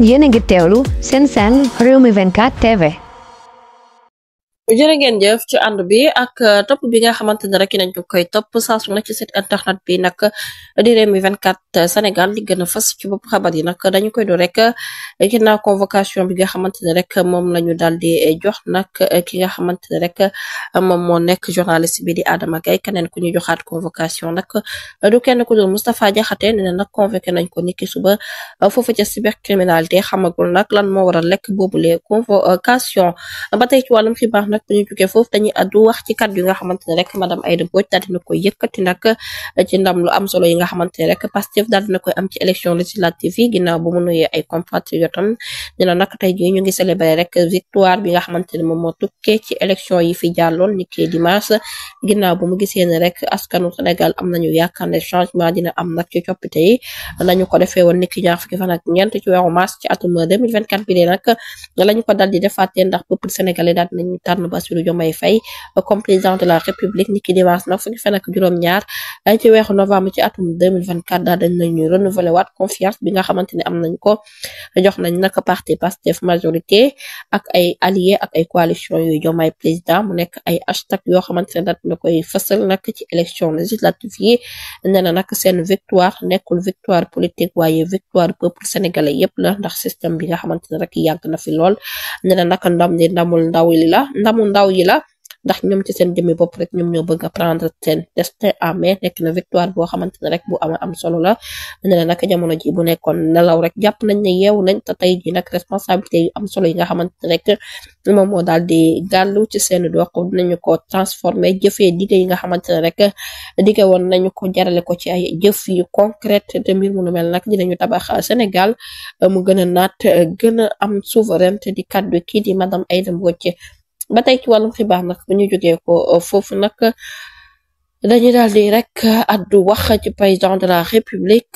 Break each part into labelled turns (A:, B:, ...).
A: Jene getelu sen sen Rumi Venkat TV. jërë ngeen jëf ci ànd bi ak euh, bi nga xamante ne rek nañ ko koy topp saa su nekk ci site internet bi nag di Rewmi 24 Sénégal li gën a fas ci bopp xabar yi nag dañu koy do rek euh, ginnaaw convocation bi nga xamante ne rek moom la ñu daal di euh, jox nag ki nga xamante ne rek moom moo nekk journaliste bi di Adama Gaye keneen ku ñu joxaat convocation nag du kenn ku dul Moustapha Diakhaté nee na nag convoqué nañ ko niki suba foofu ca cybercriminalité xamagul nag lan moo waral lekk boobule convocation ba tey ci wàllum xibaar nag bu ñu jógee foofu dañuy addu wax ci kàddu yi nga xamante rek madame Aïda Mbodj daal dina koy yëkkati nag eh, ci ndam lu am solo yi nga xamante rek Pastef daal dina koy am ci élection législative yi ginnaaw ba mu nuyee ay compatriotam dina nag tey jii ñu ngi célébrer rek victoire bi nga xamante ne moom moo tukkee ci élection yi fi jàlloon ni ki dimanche ginnaaw bu mu gisee ne rek askanu Sénégal am nañu yaakaar ne changement dina am nag ci coppite yi nañu ko Amadou Bassirou Diomaye Faye comme président de la république niki ki dimanche nag fukki fan ak juróom-ñaar ci wéxu novembre ci atum 2024 da dañ nañu renouveler wat confiance bi nga xamanteni am nañ ko jox nañ nak parti Pastef majorité ak ay alliés ak ay coalition yu Diomaye président mu nek ay hashtag yo xamanteni ne daat na koy ci élection législative yi nee na nag victoire nekul victoire politique waaye victoire peuple sénégalais yépp la ndax système bi nga xamanteni rek yag na fi lool ne na naka ndam ni ndamul ndaw li la ndamu ndaw yi la ndax ñoom ci seen jëmmi bopp rek ñoom ñoo bëgg a prendre seen destin en main nekk na victoire boo xamante ne rek bu ama am solo la ne la nag jamono ji bu nekkoon nelaw rek jàpp nañ ne yeewu nañ te tey ji nag responsabilité yu am solo yi nga xamante ne rek moom moo daal di gàllu ci seen doq dinañu ko transformer jëfee dige yi nga xamante ne rek dige woon nañu ko jarale ko ci ay jëf yu concrète te mbir mu nu mel nag dinañu tabax Sénégal mu gën a naat gën a am souveraineté di kaddu kii di madame Aïda Mbodj ba tey ci wàllum xibaar nag bu ñu jógee ko euh, foofu nag dañu daal di rek addu wax ci président de la république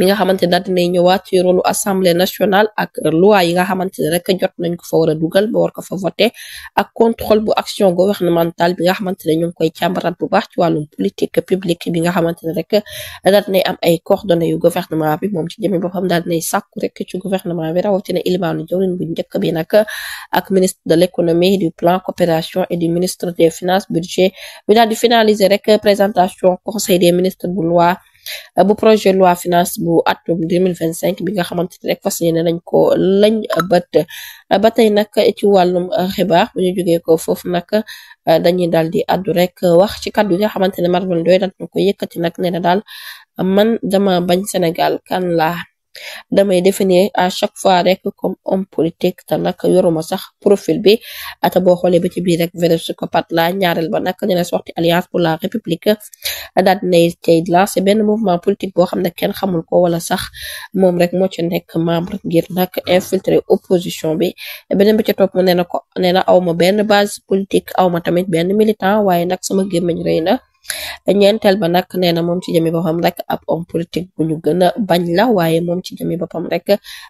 A: li nga xamante dal daal dinay ñëwaat ci rôle assemblée nationale ak loi yi nga xamante rek jot nañ ko fa wara duggal dugal ba war ko fa voter ak contrôle bu action gouvernementale bi nga xamante ne ñu ngi koy càmbaraat bu baax ci walum politique publique bi nga xamante rek daal dinay am ay coordonnées yu gouvernement bi moom ci jëme boppam dal dinay sàkku rek ci gouvernement bi rawatina ilimaanu jawrin bu njëkk bi nak ak ministre de l'économie du plan coopération et du ministre des finances budget bi daal di finaliser rek présentation conseil des ministres bu loi bu projet loi finance bu atum 2025 bi nga xamante ni rek fas yéene nañ ko lañ bët ba tey nag ci wàllum xibaar bu ñu jógee ko foofu nag dañuy daal di addu rek wax ci kàddu yi nga xamante ne Marvel doy dañ ko yëkkati nag nee na daal man dama bañ Sénégal kan laa damay defe ne à chaque fois rek comme homme politique ta nak yoruma sax profil bi ata bo xolé ba ci bi rek vrai psychopathe la ñaareel ba nak ne sorti alliance pour la république dat dinay tay la c'est ben mouvement politique bo xamne ken xamul ko wala sax mom rek mo ci nek membre ngir nak infiltrer opposition bi benen ba ci top mo neena ko neena awma ben base politique awma tamit ben militant waye nak sama gémmiñ reyna ñeenteel ba nag nee na moom ci jëmi boppam rek ab homme politique bu ñu gën a bañ la waaye moom ci jëmi boppam rek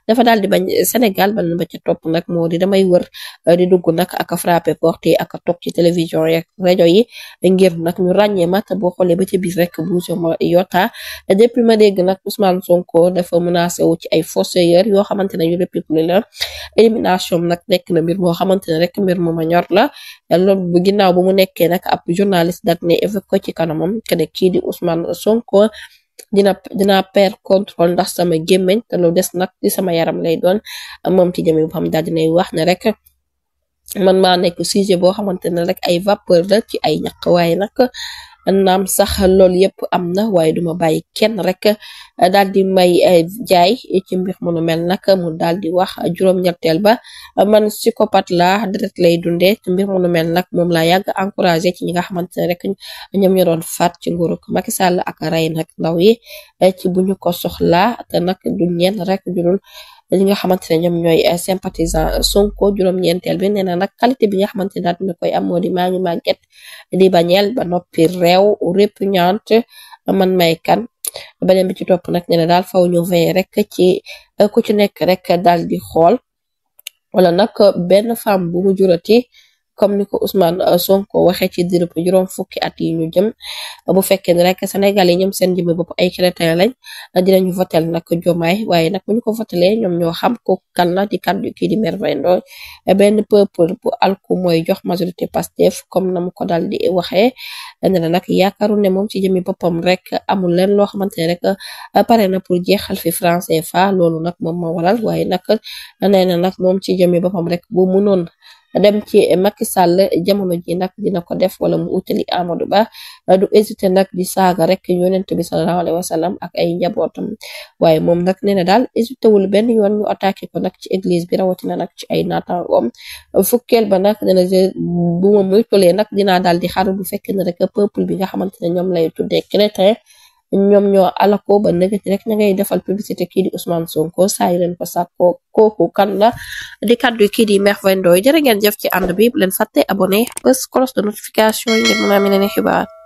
A: dafa daal di bañ Sénégal banen ba ca topp nag moo di damay wër eh, di dugg nag ak frappé porte yi ak toog ci télévision yeeg yi ngir nag ñu ràññee mat boo xoolee ba ca biir rek buusoma yota eh, depuis ma dégg nag Ousmane Sonko dafa menacé wu ci ay fossoyeur yoo xamante ne yu république la élimination nag nekk na mbir moo xamante ne rek mbir mu ma la ci kanamam kene kii di Ousmane Sonko dina dina per contrôle ndax sama gémmiñ te lu des nag di sama yaram lay doon moom ci jëme boppam daal dinay wax ne rek man maa nekk sujet boo xamante ne rek ay vapeur la ci ay ñaq waaye nag naam sax loolu yépp am na waaye duma bàyyi kenn rek eh, daal di may eh, jaay ci mbir munu mel nag mu daal di wax juróom-ñetteel ba eh, man psychopathe la deret lay dunde ci mbir munu mel nag moom laa yàgg encouragé ci ñi nga xamante ne rek ñoom ñu doon faat ci nguurug Macky Sall ak rey nag ndaw yi ci bu ñu ko soxlaa te nag du ñeen rek judul ñi nga xamante ne ñoom ñooy eh, sympathisant Sonko juróom-ñeenteel bi nee na nag qualité bi nga xamante ne daal dina koy am moo di maa màgget di bañeel ba noppi réew répugnante man may kan beneen bi ci topp nag nee na daal faw ñu veiller rek ci eh, ku ci nekk rek daal di xool wala nag benn femme bu mu comme ni ko Ousmane euh, Sonko waxee ci diirub juróom fukki at yi ñu jëm bu fekkee ne rek Sénégal yi ñoom seen jëmmi bopp ay chrétien lañ dinañu votel nag Jomaay waaye nag bu ñu ko votelee ñoom ñoo xam ko kan na di kan kii di Merveille Ndoye benn peuple bu alku mooy jox majorité Pastef comme na mu ko dal di waxee ne na nag yaakaaru ne moom ci jëmmi boppam rek amul leen loo xamante ne rek euh, pare na pour jeexal fi français CFA loolu nag moom ma waral waaye nag nee na nag moom ci jëmmi boppam rek bu munoon dem ci Macky Sall jamono ji nak dina ko def wala mu uteli Amadou Ba du hésiter nak di saga rek yonent bi sallallahu alayhi wa sallam ak ay njabotam waye mom nak nee dal hésiter wul ben yon ñu attaquer ko nak ci église bi rawati na nak ci ay naataangoom fukkeel ba nak nee je bu muy tole nak dina dal di xaru bu fekk na rek peuple bi nga xamantene ñom lay tuddé chrétien ñoom ñoo alako ba nëgati rek na ngay defal publicité kii di Ousmane Sonko saay leen ko sàkko kooku kan la di kàddu kii di Merveille Ndoye jërë ngeen jëf ci ànd bi bu leen fàtte abonné bés cloche de notification yi ngeen mën a xibaar